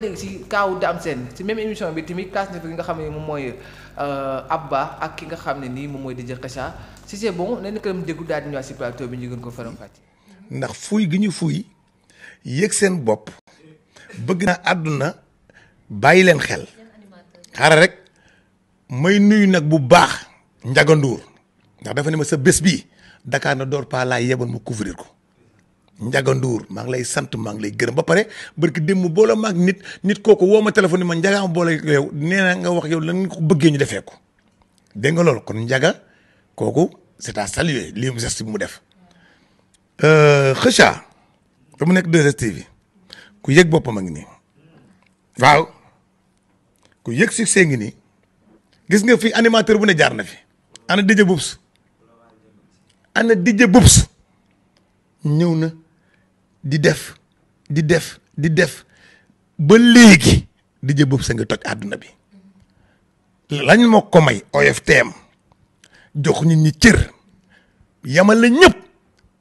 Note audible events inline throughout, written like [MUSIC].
léegi si kaaw Dame Sène si même émission bi tamit kaas na fi nga xam ne moom mooy euh, Abba ak ki nga xam ne nii moom mooy DJ Kheucha si c'est bon nañu ko dem déglu daal gën ko faram fàcce. ndax fuy gi ñu fuuy yëg seen bopp bëgg na àdduna bàyyi leen xel xaaral rek may nuyu nag bu baax Ndiaga Ndour ndax dafa ne ma sa bés bi Dakar na door pa laa mu couvrir ko. Ndiaga Ndour maa ngi lay sant maa ngi lay gërëm ba pare barki démb boole maag nit nit kooku woo ma téléphone ma Ndiaga ma boole yow nee nga wax yow lan nga ko bëggee ñu defee ko dégg nga loolu kon Ndiaga kooku c'est à saluer lii mu geste bi mu def. Euh, Kheucha fa mu nekk 2STV ku yëg boppam a ngi nii waaw ku yëg succès ngi nii gis nga fi animateur bu ne jaar na fi ana DJ Boubs ana DJ Boubs ñëw na. di def di def di def ba léegi di jëboob sa ngi toj àdduna bi lañ moo ko may OFTM jox nit ni cër yamal la ñëpp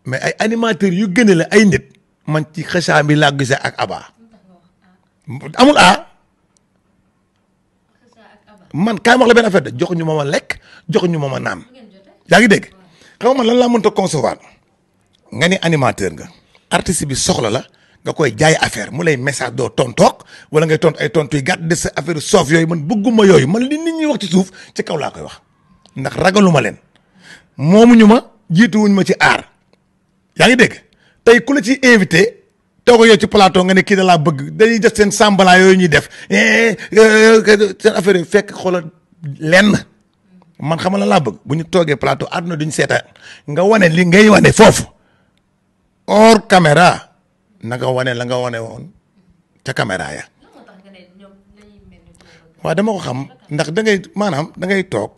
mais ay animateurs yu gën la ay nit man ci xasaa bi laa gisee ak Aba amul a man kaay ma wax la benn affaire de jox ñu ma ma lekk jox ñu ma ma naan yaa ngi dégg xam nga man lan laa mënta concevoir nga ni animateur nga. artiste bi soxla la nga koy jaay affaire mu lay message doo tontoog wala ngay tont ay tontu yu gàtt de sa affaire soof yooyu man bëgguma yooyu man li nit ñi wax ci suuf ci kaw laa koy wax ndax ragaluma leen moomuñu ma jiituwuñ ma ci aar yaa ngi dégg tey ku la ci invité toog yow ci plateau nga ne kii da laa bëgg dañuy def seen sambala yooyu ñuy def eh, eh, eh, seen affaire yu fekk xoolal lenn man xamal la laa bëgg bu ñu toogee plateau àdduna duñu seetaan nga wane li ngay wane foofu. or camera na wane la nga wane woon ca caméra ya waaw dama ko xam ndax da ngay maanaam da toog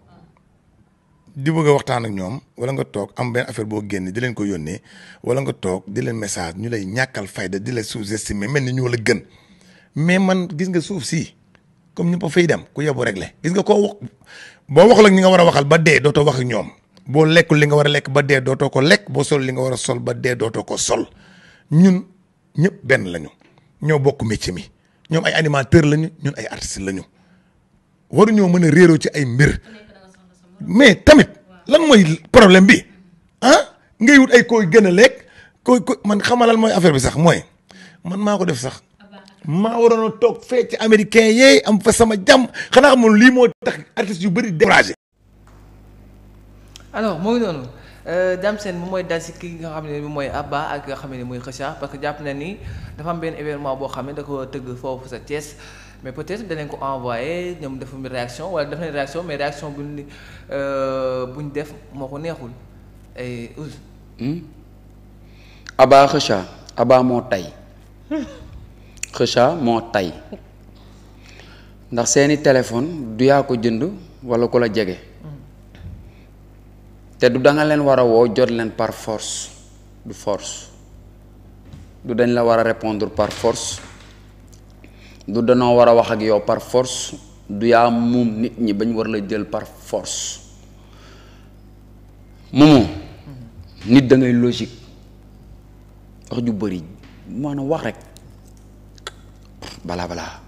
di bëgg a ak ñoom wala nga toog am benn affaire boo génne di leen ko yónnee wala nga toog di leen message ñu lay ñàkkal fayda di la sous-estimer mel ni ñoo la gën mais man gis nga suuf si comme ñëpp a fay dem ku yebu le gis nga koo wax boo waxul ak ñi nga war a waxal ba dee dootoo wax ak ñoom. boo lekkul li nga war a lekk ba dee dootoo ko lekk boo sol li nga war a sol ba dee dootoo ko sol ñun ñëpp benn lañu ñoo bokk métier mi ñoom ay animateur lañu ñun ay artistes lañu waruñoo mën a réeroo ci ay mbir mais tamit lan mooy problème bi ah ngay wut ay koy gën a lekk koy koy man xamalal mooy affaire bi sax mooy man maa ko def sax maa waroon a toog fee ci américain yeey am fa sama jàmm xanaa xamul lii moo tax artistes yu bëri découragé alors moo ngi noonu euh, Dame Sène mooy dal si ki nga xam ne mooy Abba ak nga xam ne mooy Kheucha parce que jàpp na ni dafa am benn événement boo xam ne da ko tëgg foofu sa Thiès mais peut-être danañ ko envoyé ñoom dafa am réaction wala def nañ réaction mais réaction buñ euh, def moo ko neexul ay Ouz. Hmm? Abba Kheucha Abba [LAUGHS] moo tay ndax seeni téléphone du yaa ko jënd wala ko la jege. te du da leen war a woo jot leen par force du force du dañ la war a répondre par force du danoo war a wax ak yow parforce du yaa muum nit ñi bañ war la jël parforce force moomu nit dangay ngay logique wax ju bëri maanaam wax rek balaa balaa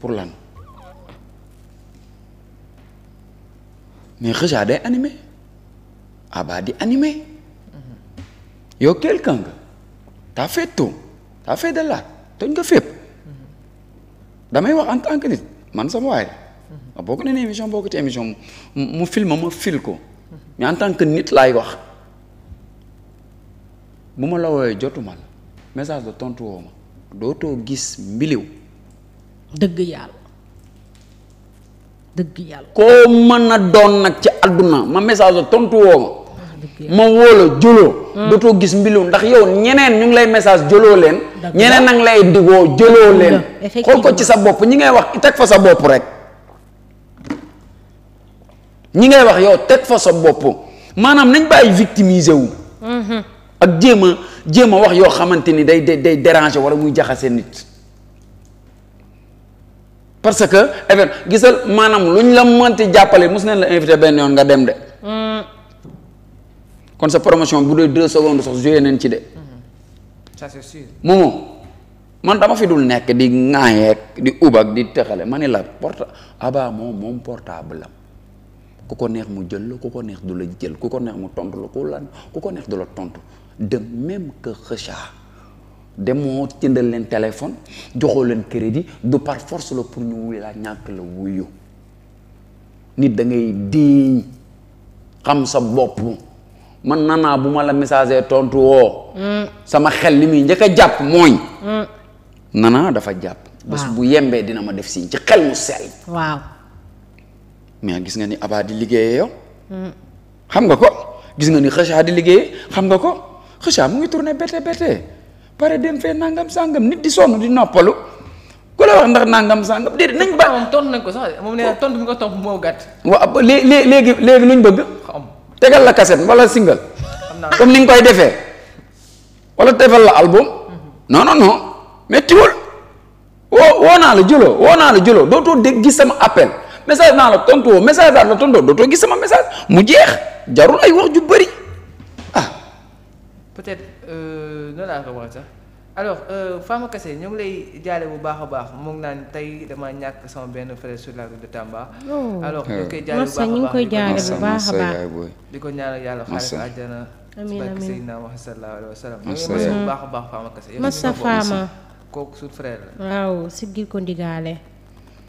pour lan mais Kheucha day animé. Abba ah di animé yow quelqu'un nga t'as fait tout t'as fait de l'art toj nga fépp damay wax en tant que nit man sama waay ma bokk na ne émission bokk ci émission mu film ma fil ko mais en nit laay wax bu ma la woowee jotuma message de tontu woo ma gis mbiliw dëgg yàlla dëgg yàlla koo mën a doon nag ci àdduna ma message de tontu ma woo la jëloo hmm. dootoo gis mbilu ndax yow ñeneen ñu ngi lay message jëloo leen ñeneen nag lay diwoo jëloo leen xool ko ci sa bopp ñi ngay wax teg fa sa bopp rek ñi ngay wax yow teg bopp maanaam nañ bàyyi victimiser wu hmm. ak jéem a jéem a wax yoo xamante ni day de day déranger wala muy jaxase nit parce que even gisal maanaam lu ñu la mënti jàppale mus nañ la invité benn yoon nga dem de kon sa promotion bu dee deux secondes sax joué nañ ci de. ça c'est sûr. man dama fi nekk di ŋaayeeg di ubak di texale ma ne la porta Abba moom moom portable am ku ko neex mu jël la ku ko neex du la jël ku ko neex mu tontu la ku la ku ko neex du la tontu de même que Kheucha demoo jëndal leen téléphone joxoo leen crédit du par force la pour ñu wuy laa ñàkk la wuyu nit da ngay xam sa bopp. man nanaa bu ma la messager tontu woo. sama xel li muy njëkk a jàpp mooy. nanaa dafa jàpp. bés bu yembee dina ma def si ci xel mu sell. waaw. mais gis nga ni abaa di liggéeyee yow. xam nga ko gis nga ni xëcaa di liggéeyee xam nga ko xëcaa mu ngi tourné bette bette pare dem fee nangam sangam nit di sonn di noppalu. ku la wax ndax nangam sangam déedéet nañ ba. moom ko sax moom nee na tontu bi nga tontu moo gàtt. waaw léegi léegi léegi luñ bëgg. tegal la cassette wala single comme ni nga koy defee wala defal la album non non non mais tiwul woo woo naa la jëloo woo naa la jëloo dootoo de gis sama appel message naa la tontu woo message daal la tontoo dootoo gis sama message mu jeex jarul ay wax ju bëri ah. peut-être euh, alors euh, Fama Kassé ñu ngi lay jaale bu baax a baax mu ngi naan tey dama ñàkk sama benn frère sur la route de Tamba. Oh. alors ñu koy jaale bu baax a baax ñu ngi a di ko ñaanal yàlla xaalis àjjana. amiin amiin Seydina Muhammad sallallahu alayhi wa sallam. bu baax a baax Fama Kassé. Massa Fama kooku suñu frère la. waaw siggil ko ndigaale.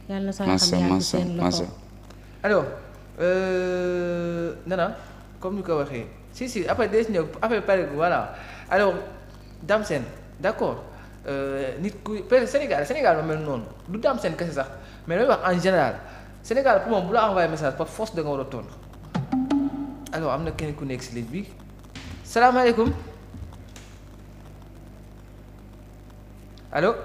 yàlla na saa xam yaa ngi seen loxo alors euh, nana comme ni ko waxee si si après des ñëw après pare voilà alors Dame Sène d' accord euh, nit ku peut Sénégal Sénégal ma mel noonu du daam seen kese sax mais looy wax en général Sénégal pour moom bu la envoyé message par force da nga war a tontu alors am na kenn ku nekk si ligne bi salaamaaleykum allo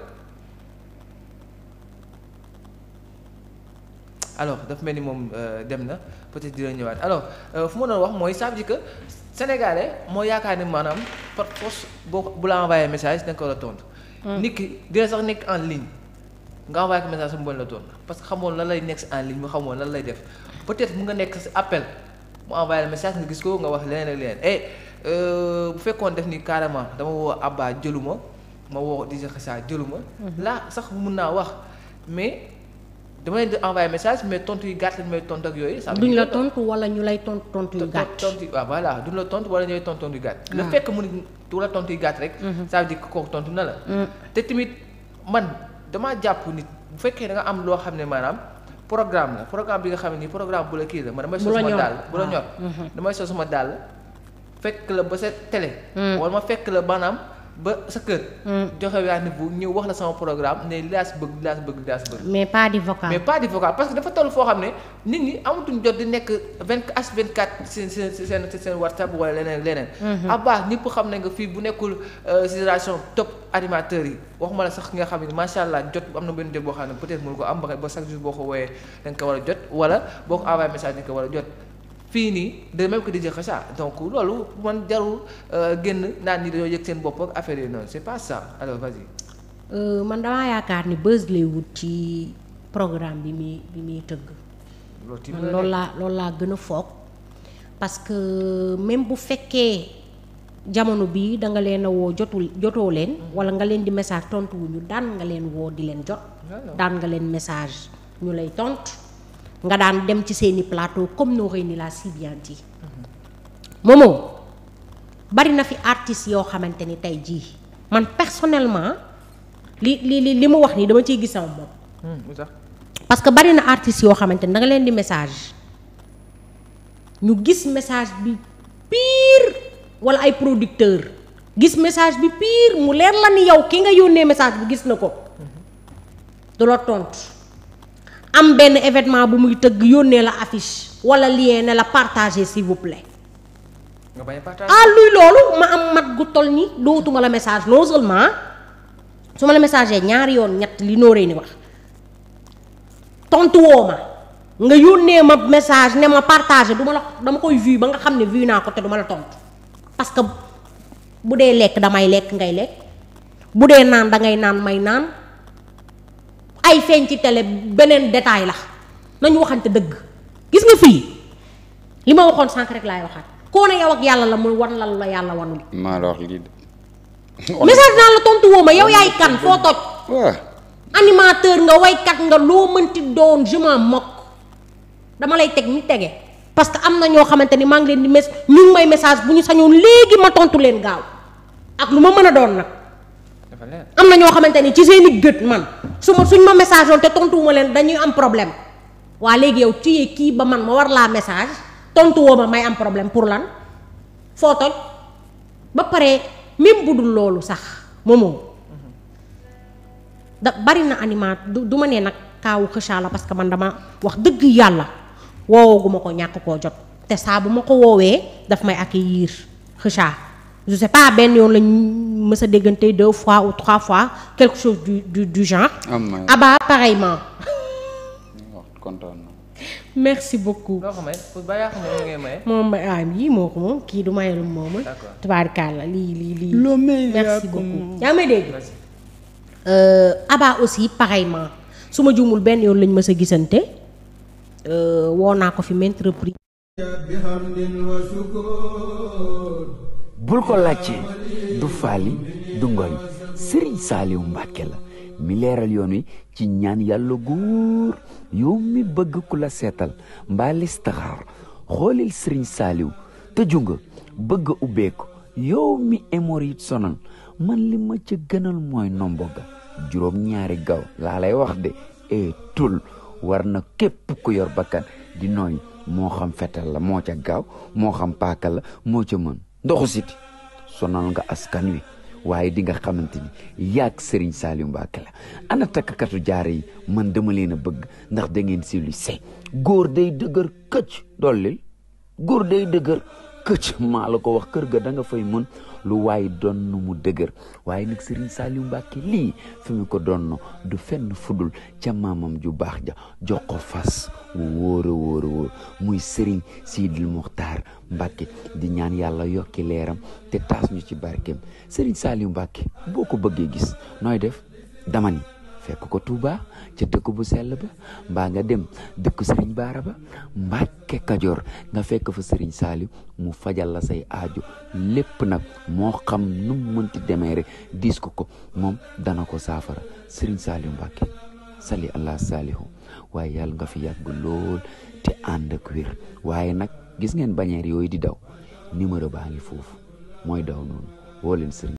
alors dafa mel ni moom euh, dem na peut-être dina ñëwaat alors euh, fu ma doon wax mooy ça veut dire moo yaakaar ni maanaam. par force boo bu la envoyé message da nga a tontu. Hmm. nit dina sax nekk en ligne nga envoyé ko message su mu bañ la tontu parce que xamoon lan lay nekk en ligne mu xamoon lan lay def peut-être mu nga nekk si appel mu envoyé message nga gis koo nga wax leneen ak leneen eh euh, bu fekkoon def ni carrément dama woo Abba jëluma ma woo Dija Xassa jëluma. Hmm. la sax mun naa wax mais. dama leen di envoyé message mais tontu yu gàtt lañ may tontu ak yooyu. duñ la tontu wala ñu lay tontu tontu yu la tontu wala ñu lay tontu tontu yu gàtt. le ah. fait mu ne tontu yu gàtt rek. Mhm. ça veut kooku tontu na la. Mm. te tamit man damaa jàpp nit bu fekkee da nga am loo xam ne maanaam programme la programme bi nga xam ne nii programme bu la kii la man damay. Ah. Mhm. sol sama dàll fekk la ba sa télé. Mm. wala ma fekk la maanaam. ba sa kër. Mm. joxe rendez-vous ñëw wax la sama programme ne laa si bëgg laa bëgg laa si bëgg. mais pas di vocal. parce que dafa toll foo xam ne nit ñi amatuñ jot di nekk vingt as vingt quatre seen seen seen seen whatsapp wala leneen leneen. Mm-hmm. Abba ñëpp xam nañ nga fii bu nekkul euh, génération top animateurs yi waxuma la sax nga xam ne macha allah jot am na benn jot boo xam ne peut-être mënu ko am ba chaque jour boo ko wooyee da nga ko war a jot wala boo ko envoyé message war a jot. fii nii de même que di jëkk ça donc loolu man jarul euh, génn naan ñi dañoo yëg seen bopp ak affaire yi noonu c'est pas ça alors euh, man damaa yaakaar ni buzz lay wut ci programme bi muy bi muy tëgg. man loolu laa loolu laa gën a foog parce que même bu fekkee jamono bii danga nga leen woo jotul jotoo leen. wala nga leen di message tontuwu ñu daan nga leen woo di leen jot. daan nga leen message ñu lay tontu. nga daan dem ci seeni plateau comme Noreyni l'a si bien dit Momo bari na fi artistes yoo xamante ni tey jii man personnellement li li li li mu wax nii dama ciy gis sama bopp hmm, parce que bari na artistes yoo xamante ni da nga leen di message ñu gis message bi pire wala ay producteur gis message bi pire mu leer la ni yow ki nga yónnee message bi gis na ko hmm. du la tontu am benn événement bu muy tëgg yónnee la affiche wala lie ne la partager s'il vous plaît. nga bañ ah luy loolu ma am mat gu toll ni dootuma la message non seulement su ma la messager ñaari yoon ñett li nooree ni wax tontu woo ma nga yónnee ma message ne ma partager du ma la dama koy vu ba nga xam ne vu naa ko te du la tontu parce que bu dee lekk damay lekk ngay lekk bu dee naan dangay naan may naan. ay feeñ ci télé beneen détail la nañu waxante dëgg gis nga fii li ma waxoon sànq rek laay waxaat koo ne yow ak yàlla la muy wan lal la yàlla wanul. maa la wax lii de. [LAUGHS] message naa la tontu ma yow yaay kan foo toj. waaw animateur nga waykat nga loo mënti doon je m'en dama lay teg ni tege parce que am na ñoo xamante ni maa ngi leen di mes ñu ngi message bu ñu sañoon léegi ma tontu leen gaaw ak lu ma mën a doon nag. am na ñoo xamante ni ci seen i gët man. su ma suñ ma message woon te tontuwuma leen dañuy am problème waa léegi yow tuyee kii ba man ma war laa message tontuwoo ma may am problème pour lan foo toj ba pare même bu dul loolu sax moomoo da bari na animat du du ma nee nag kaawu xëcca la parce que man dama wax dëgg yàlla woowaguma ko ñàkk koo jot te saa bu ma ko woowee daf may accueillir xëcca je sais pas benn yoon lañ mës a déggante deux fois ou trois fois quelque chose du du ah, Abba pareillement. merci beaucoup. moom yii ah, moo ko moom kii du maye lu moom ah. lii lii lii. merci beaucoup yaa may dégg. Euh, Abba aussi pareillement su ma juumul benn yoon lañ mës a gisante euh, woo ko fi maintes bul ko laajte du faali du ngoñ sëriñ saaliw mbàkke la mi leeral yoon wi ci ñaan yàlla guur yow mi bëgg ku la seetal mbaa listixaar xoolil sëriñ saaliw tëju nga bëgg a ubbeeku yow mi hémorroïde sonal man li ma ca gënal mooy nombo ga juróom ñaari gaw laa lay wax de e tul war na képp ku yor bakkan di nooy moo xam fetal la moo ca gaaw moo xam paaka la moo ca mën doxu siti sonal nga askan wi waaye di nga xamante ni yaag Serigne Saliou Mbacké la ana takkatu jaare yi man dama leen a bëgg ndax da ngeen si se góor day dëgër këcc dollil góor day dëgër këcc maa la ko wax kër ga danga fay mën lu waay doon nu mu dëgër waaye nag Serigne Saliou Mbacke lii fi mu ko doon du fenn fudul ca maamam ju baax ja jox ko fas wu wóor a wóor a wóor muy Serigne Sidil Mokhtar Mbacke di ñaan yàlla yokki leeram te taas ñu ci barkeem Serigne Saliou Mbacke boo ko bëggee gis nooy def dama fekk ko Touba ca dëkk bu sell ba mbaa nga dem dëkk Serigne Baara ba ke Kajoor nga fekk fa Serigne Saliou mu fajal la say aajo lépp nag moo xam nu mu mënti demee rek diis ko ko moom dana ko saafara Serigne Saliou Mbàkke sali allah saalihu waaye yàlla nga fi yàgg lool te ànd ak wér waaye nag gis ngeen bannière yooyu di daw numéro baa ngi foofu mooy daw noonu woo leen